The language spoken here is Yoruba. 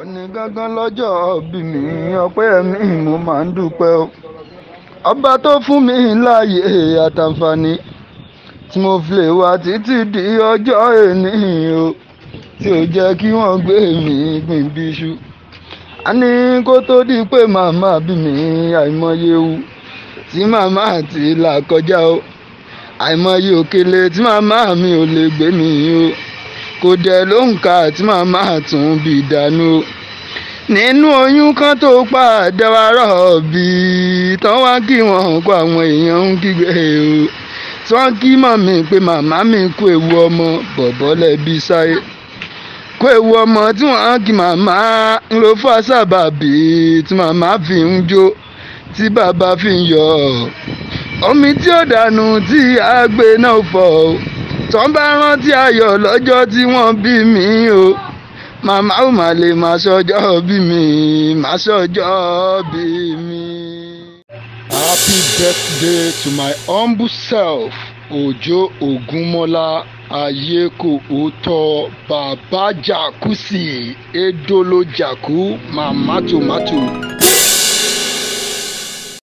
òní gángan lọ́jọ́ bí mi ọpẹ́ mi mo máa ń dúpẹ́ o ọba tó fún mi láàyè àtàǹfààní tí mo fi lè wá títí di ọjọ́ èní o tí ò jẹ́ kí wọ́n gbé mi gbìn bíṣu a ní kó tó di pé màmá bí mi àìmọye wu tí màmá ti là kọjá o àìmọye òkèlè tí màmá mi ò lè gbé mi o kò dẹ̀ ló ń ka àti màmá tún bí dànù nínú oyún kan tó pàdé wa rọ̀bì tán wá kí wọ́n kó àwọn èèyàn ń kígbe o tí wọ́n kí màmí pé màmá mi kú ewu ọmọ bọ̀bọ́ lẹ́bi sáyé kó ewu ọmọ tí wọ́n kí màmá ń lo fún àṣàbàbí tí màmá fi ń jó tí bàbá fi ń yọ̀ omi tí ó dànù tí àgbẹ̀ náà fọ̀ o tó ń bá rántí ayọ̀ lọ́jọ́ tí wọ́n bí mi o màmá ò mà lè má sọjọ́ bí mi má sọjọ́ bí mi. happy birthday to my humble self Ojo Òjó Ògúnmọ́lá ayékòótọ́ bàbá jàkúsì èdòlójàkú màmá tòmátò.